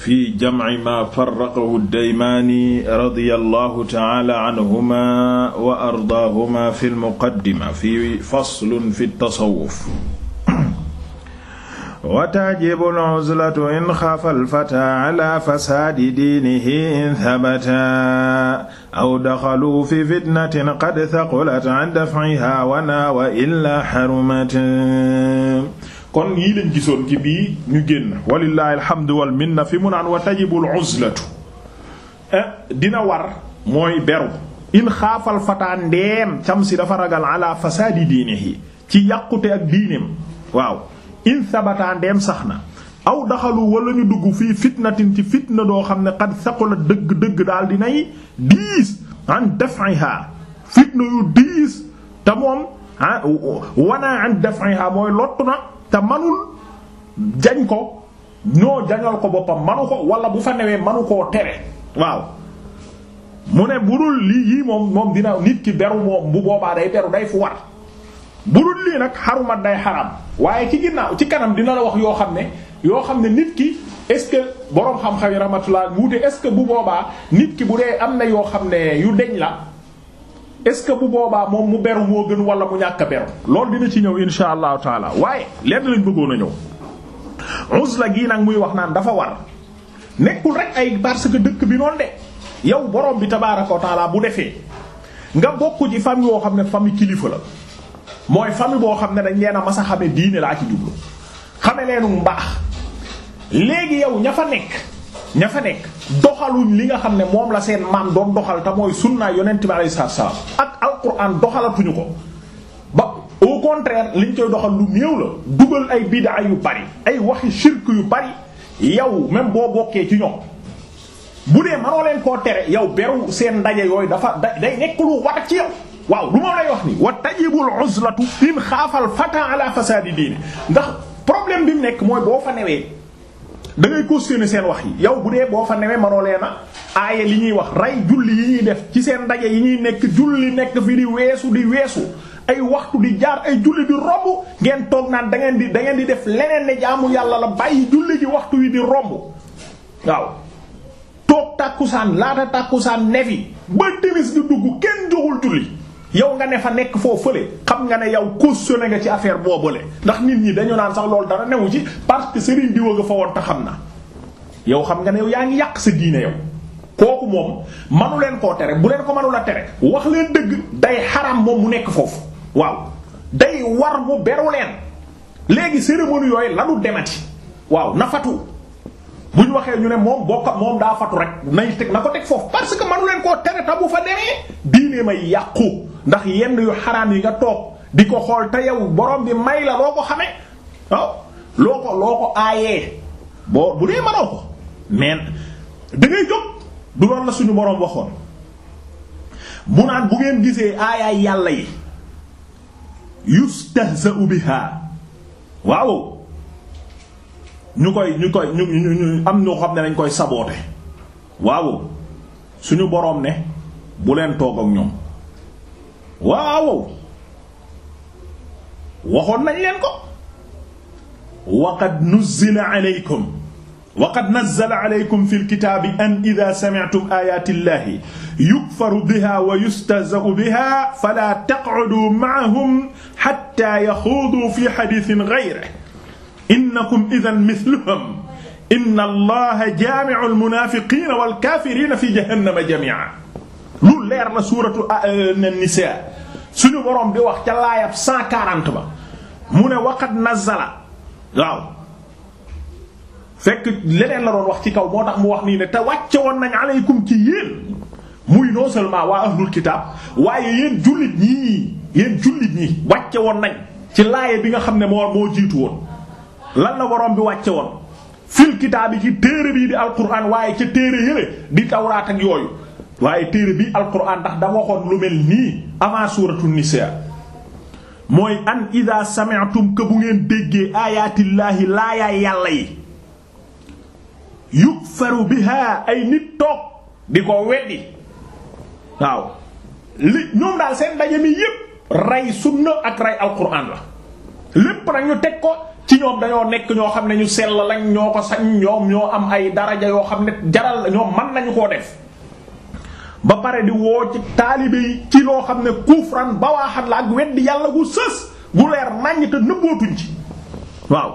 fi jamci maa farraqahu daymaani radiyallahu ta'ala anhuma wa ardaahuma fi lmuqaddima fi faslun fi tasawwuf wa tajibu al-uzlatu in xaafa al-fataa ala fasaadi diinihi in thabata aw daxalu fi fitnatin qad thaqulat an daf'iha wa na wa illa harumat kon yii lañ gisoon ci bii ñu génn walillahi alhamdu wal minna fi mu naan wa tajibul uzlatu eh, dina war mooy beru in xaafal fataa ndeem cam si dafa ragal ala fasaadi diinihi ci yàqute ak diineem waaw in sabataa ndeem sax na aw daxalu wala ñu dugg fii fitnatin ci fitna doo xam ne xad saqula dëgg dëgg daal di nay diis an daf'iha fitna yu diis te moom ah wanaa an daf'iha mooy lottu na te manul jañ ko ñoo jañal ko boppam manu ko wala bu fa newee manu koo tere waaw mu ne budul lii yii moom moom dina nit ki beru moom bu boobaa day beru day fu war budul lii nag xarumat day xaram waaye ci ginnaaw ci kanam dina la wax yoo xam ne yoo xam ne nit ki est-ce borom xam-xam yi rahmatullah wuute est-ce que bu boobaa nit ki bu dee am na yoo xam ne yu deñ la est-ce que bu boobaa moom mu beru moo gën wala mu ñàkk a beru. loolu dina ci ñëw insha allahu taala waaye lenn lañ bëggoon a ñëw uzla gi nag muy wax naan dafa war nekkul rek ay parce que dëkk bi noonu de yow borom bi tabaaraka wa taala bu defee nga bokk ci famille yoo xam ne famille kilifa la mooy famille boo xam ne dañ leen a mas a xame diine laa ci jublu xame leenu mbaax. léegi yow ña fa nekk ña fa nekk doxaluñ li nga xam ne moom la seen maam doon doxal te mooy sunna yonent bi alayhi salaam ak alquran doxalatuñu ko ba au contraire liñ koy doxal lu néew la dugal ay bid'a yu bari ay waxi shirk yu bari yow même boo bokkee ci ñoom bu dee manoo leen koo tere yow beru seen ndaje yooyu dafa day nekk lu war ci yow waaw lu ma lay wax nii wa tajibul uzlatu in xaafal fata ala fasadi diine ndax problème bi mu nekk mo boo fa newee da ngay cautionner seen wax yi yow bu dee boo fa newee manoo leen a aaye li ñuy wax rey julli yi ñuy def ci seen ndaje yi ñuy nekk julli nekk fi di weesu di weesu ay waxtu di jaar ay julli di romb ngeen toog naan da ngeen di da ngeen di def leneen ne jaamu yàlla la bàyyi julli ji waxtu wi di romb waaw toog tàkkusaan laata tàkkusaan nefi ba timis di dugg kenn joxul julli yow nga ne fa nekk foo fële xam nga ne yow cautionné nga ci affaire boobule ndax nit ñi dañu naan sax loolu dara newu ci parce que Serigne diwa nga fa woon xam na yow xam nga ne yow yaa ngi yàq sa diine yow. kooku moom manu leen koo tere bu leen ko manula tere wax leen dëgg day xaram moom mu nekk foofu waaw day war mu beru leen léegi cérémonie yooyu lanu demati waaw nafatu bu ñu waxee ñu ne moom bokka moom daa fatu rek nay teg na ko teg foofu parce que manu leen koo tere ta bu fa demee diine may yàqu ndax yenn yu xaraam yi nga toog di ko xool te yow borom bi may la loo ko xamee loo ko loo ko aayee boo bu dee manoo ko mais da ngay du doon la suñu boroom waxoon mu naan bu ngeen gisee aayaay yàlla yi yustahza'u biha waaw ñu koy ñu koy ñu ñu am ñoo xam ne dañ koy saboote waaw suñu boroom ne bu leen toog ak ñoom waaw waxoon nañ leen ko waqad nuzzila alaykum waqad nazzala alaykum fi lkitaabi an ida sami'tum ayaati llahi yukfaru biha wa yustahza'u biha fala taq'udu ma'ahum hatta yaxuudu fi hadithin ghayrihi innakum idan mithluhum inna allaha jaami'ul munaafiqiina wal kaafiriina fi jahannama jamii'an lu leer la suuratu an-nisaa e, suñu boroom di wax ca laayab 140 ba mu ne waqad nazala waaw fekk leneen la doon wax ci kaw moo tax mu wax nii ne te wàcce woon nañ aleykum ci yéen muy non seulement waa ahlul kitaab waaye yéen jullit ñii yéen jullit ñi wàcce woon nañ ci laaya bi nga xam ne moo moo jiitu woon lan la borom bi wàcce woon fil kitaab ci téere bii di alquran waaye ca téere yële di tawraat yooyu waaye téere bii alquran ndax da waxoon lu mel nii avant suuratu nisaa mooy an ida sami'tum que bu ngeen déggee ayaatillaahi laayaay yàlla yi yukfaru biha ay nit toog di ko weddi waaw li ñoom daal seen daje mi yépp rey sunna ak rey alquran la lépp nag ñu teg ko ci ñoom dañoo nekk ñoo xam ne ñu sell lañ ñoo ko sañ ñoom ñoo am ay daraja yoo xam ne jaral la ñoom mën nañu koo def ba pare di woo ci taalibe yi ci loo xam ne kufran bawaaxat la ak weddi yàlla gu sës gu leer nàññ te nëbbootuñ ci waaw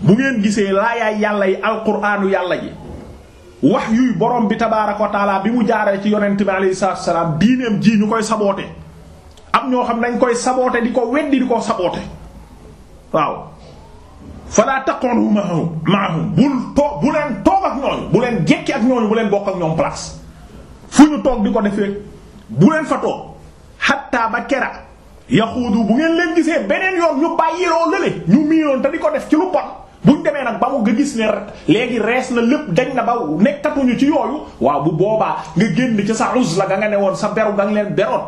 bu ngeen gisee laayaay yàlla yi alquraanu yàlla ji wax yuy borom bi tabaaraka wa bi mu jaaree ci yonent bi alayhi salaatu wa salaam diineem ñu koy saboote am ñoo xam nañ koy saboote di ko weddi di ko saboote waaw fala taq'udu ma'ahum bul toog bu leen toog ak ñooñu bu leen jekki ak ñooñu bu leen bokk ak ñoom place fu ñu toog di ko defee bu leen fa toog hatta ba kera yaxuudu bu ngeen leen gisee beneen yoon ñu bàyyi loo ñu miinoon te di ko def ci lu bon buñ nag ba mu gis ne léegi rees na lépp dañ na ba nekkatuñu ci yooyu waaw bu boobaa nga génn ci sa uzla ga nga ne woon sa beru nga leen beroon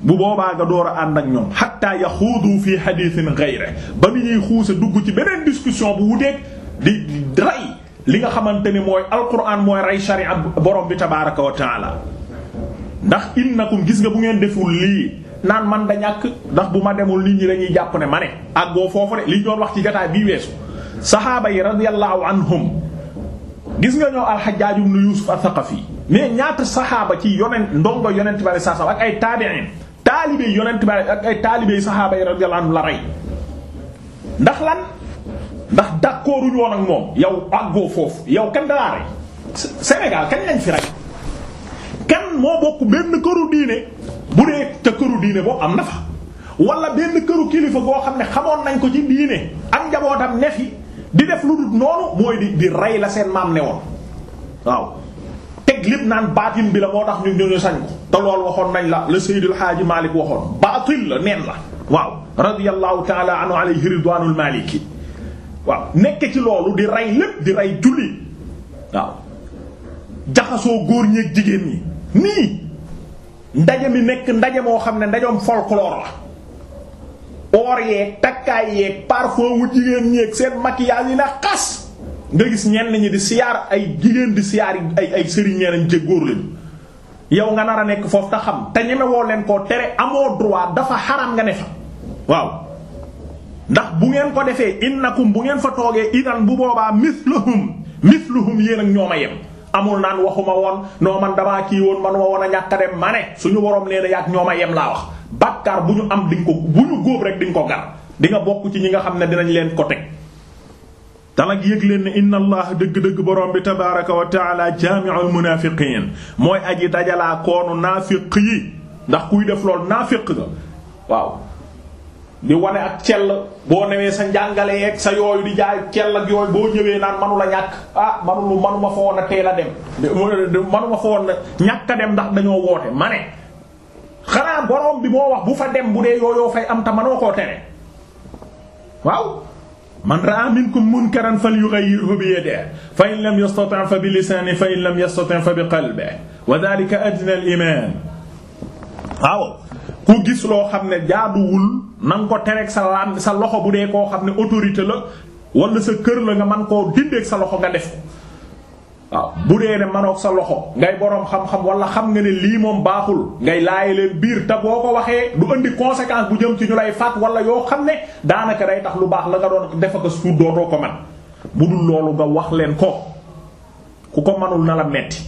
bu boobaa nga door a ànd ak ñoom hatta yaxuudu fi hadithin ghayre ba ni ñuy xuuse dugg ci beneen discussion bu wuteeg di rey li nga xamante ni mooy alquran mooy rey sharia borom bi tabaraka wa taala ndax innakum gis nga bu ngeen deful lii naan man da ñàkk ndax bu ma demul nit ñi dañuy jàpp ne ma ne àggoo foofu de li ñu doon wax ci jotaay bii weesu saxaaba yi radiyallahu anhum gis nga ñoo al-Hajjaj ibn Yusuf al-Thaqafi mais ñaata saxaaba ci yonent ndongo yonent bi sallallahu alayhi wasallam ak ay taabi'in taalibe yonent ba ak ay taalibe saxaaba yi radiyallahu la rey ndax lan ndax d'accord ñu woon ak moom yow àggoo foofu yow kan dalaa rey Sénégal kan fi rey kan moo bokk benn këru diine bu dee te këru diine boobu am na fa wala benn këru kilifa goo xam ne xamoon nañ ko ci diine ak njabootam ne fi di def lu noonu mooy di di rey la seen maam ne woon waaw lépp naan baatin bi la moo tax ñu ñu ñu sañ ko te loolu waxoon nañ la la Seydil Haaji Malik waxoon baatil la neen la waaw radiyallahu taala anhu alayhi ridwanul maliki waaw nekk ci loolu di rey lépp di rey julli waaw jaxasoo góor ñeeg jigéen ñi nii ndaje mi nekk ndaje moo xam ne ndajoom folklore la or yeeg takkaay yeeg parfum wu jigéen ñeeg seen maquillage yi na xas nga gis ñenn ñi di siyaar ay jigéen di siyaar ay ay sëriñ ñeenañ ci góor lañu yow nga nar a nekk foofu te xam te ñeme woo leen koo tere amoo droit dafa xaram nga ne fa waaw ndax bu ngeen ko defee innakum bu ngeen fa toogee idan bu boobaa misluhum misluhum yéen ak ñoo ma yem amul naan waxuma woon noo man damaa kii woon man ma woon a ñàkk a dem ma ne suñu borom nee na yaag ñoom a yem laa wax bàkkaar bu ñu am di nga ko bu ñu góob rek di nga ko gar di nga bokk ci ñi nga xam ne dinañ leen ko talag yëg leen ne allah dëgg-dëgg borom bi tabaaraka wa taala jaami'ul munaafiqiin mooy aji dajalaa koonu naafiq yi ndax kuy def lool naafiq nga waaw di wane ak cell boo newee sa njàngale yeeg sa yooyu di jaay cell ak yooyu boo ñëwee naan manu la ñàkk ah manulu manuma fa woon a teel a dem manuma fa woon ñàkk a dem ndax dañoo woote ma ne xanaa borom bi moo wax bu fa dem bu dee yooyoo fay am ta manoo koo tere waaw man ra'a minkum munkaran falyughayyirhu bi yadihi fa in lam yastati' fa bi lisanihi fa in lam yastati' fa bi qalbihi wa dhalika adna al-iman waaw ku gis loo xam ne jaaduwul nan nga ko tereg sa laan sa loxo bu dee koo xam ne autorité la wala sa kër la nga mën koo dindeeg sa loxo nga def waaw bu dee ne manoog sa loxo ngay boroom xam-xam wala xam nga ne lii moom baaxul ngay laaye leen biir te boo ko waxee du indi conséquence bu jëm ci ñu lay faat wala yoo xam ne daanaka day tax lu baax la nga doon def ko suut dootoo ko man bu dul loolu nga wax leen ko ku ko manul na la metti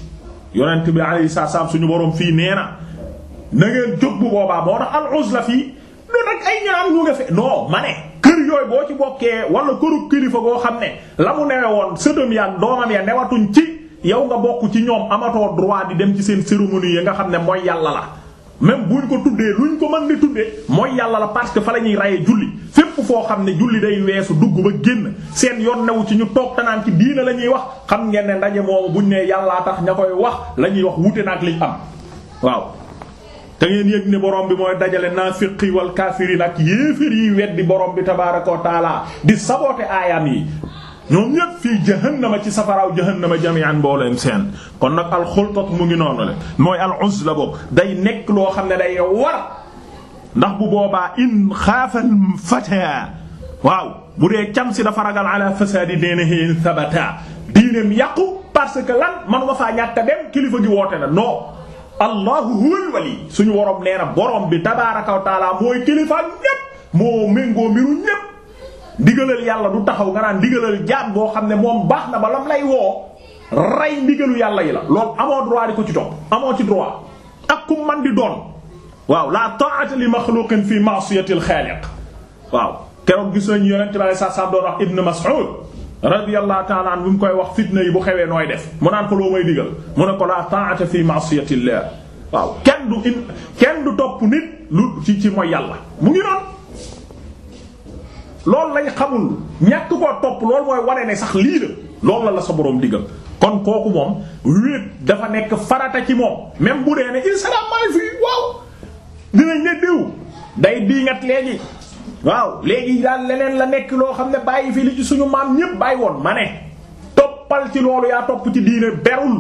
yonent bi alayhi salaam suñu boroom fii nee na na ngeen jóg bu boobaa moo tax al uzla fii lu nag ay ñaan ñu nga fe non ma ne kër yooyu boo ci bokkee wala këru kilifa goo xam ne la mu newe woon sëtam ya doomam ya newatuñ ci yow nga bokk ci ñoom amatoo droit di dem ci seen cérémonie yi nga xam ne mooy yàlla la même buñ ko tuddee lu luñ ko mën ni tuddee mooy yàlla la parce que fa la ñuy rayee julli fépp foo xam ne julli day weesu dugg ba génn seen yoon newu ci ñu toog tanaan ci diina la ñuy wax xam ngeen ne ndaje moomu buñ nee yàllaa tax ña koy wax la ñuy wax wute na ak liñ te ngeen yëg ne borom bi mooy dajale naafiqi wal kaafiriin ak yéefér yi weddi borom bi tabaaraka wa taala di saboote aayam yi ñoom ñépp fii jahannama ci safaraaw jahannama jami'an mbooleem seen kon nag alxultat mu ngi noonu le mooy al uzla boog day nekk loo xam ne day war ndax bu boobaa in xaafal fata waaw bu dee cam si dafa ragal ala fasaadi diinihi in sabata diineem yàqu parce que lan man nga faa ñàkk dem kilifa gi woote na non allahu huwal wali suñu worom nee na borom bi tabaaraka wa taala mooy kilifa ñépp moo méngoo mbiru ñépp ndigalal yàlla du taxaw nga naan ndigalal jaam boo xam ne moom baax na ba lam lay woo rey ndigalu yàlla yi la loolu amoo droit di ko ci topp amoo ci droit ak ku man di doon waaw la ta'ata li makhluqin fi ma'siyati al-khaliq waaw keroog gis nañu yonent bi sallallahu alayhi wasallam Ibn Mas'ud radiyallahu ta'ala an bu mu koy wax fitna yi bu xewee nooy def mu naan ko loo may digal mu ne ko la ta'ata fi ma'siyatillah waaw kenn du in kenn du topp nit lu ci ci mooy yàlla mu ngi noonu loolu lañ xamul ñàkk koo topp loolu mooy waree ne sax lii la loolu la la sa boroom digal kon kooku moom wéet dafa nekk farata ci moom même bu nee ne il sera mal vu waaw dinañ ne diw day diiŋat léegi waaw léegi daal leneen la nekk loo xam ne bàyyi fii li ci suñu maam ñépp bàyyi woon ma ne toppal ci loolu yaa topp ci diine berul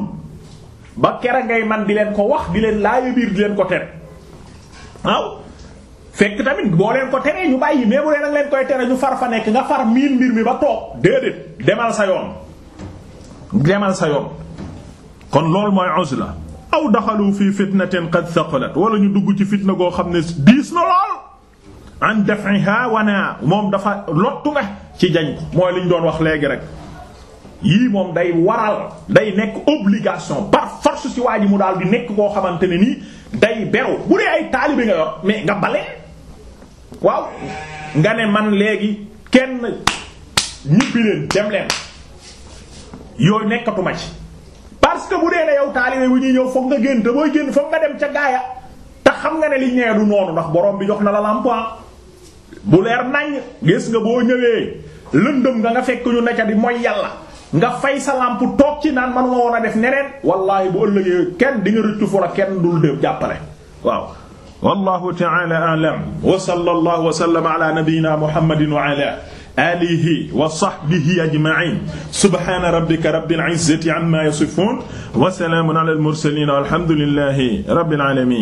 ba kera ngay man di leen ko wax di leen laaj biir di leen ko tere waaw fekk tamit boo leen ko teree ñu bàyyi mais bu leen ak leen koy tere ñu far fa nekk nga far miin mbir mi ba toog déedéet demal sa yoon demal sa yoon kon loolu mooy uzla aw daxalu fi fitnatin qad thaqalat wala ñu dugg ci fitna koo xam ne diis na an daf'iha wana moom dafa lottu nga ci jañ ko mooy li doon wax léegi rek yii moom day waral day nekk obligation par force ci waa ji mu daal di nekk koo xamante ne nii day beru bu dee ay taalibe nga yor mais nga bale waaw nga ne man léegi kenn ñibbi leen dem leen yooyu nekkatuma ci parce que bu dee ne yow taalibe bu ñuy ñëw foog nga génn te booy génn foog nga dem ca gaaya te xam nga ne liñ nee du noonu ndax borom bi jox na la l'emploi ah. bu leer nañ gis nga boo ñëwee lëndëm nga nga fekk ñu nekk di mooy yàlla nga fay sa lampe toog ci naan man ma a def neneen wallahi bu ëllëgee kenn di nga rëccu fu la kenn dul de jàppale waaw wallahu ta'ala a'lam wa sallallahu wa sallama ala nabiyyina muhammadin wa ala alihi wa sahbihi ajma'in subhana rabbika rabbil izzati amma yasifun wa salamun ala al mursalin walhamdulillahi rabbil alamin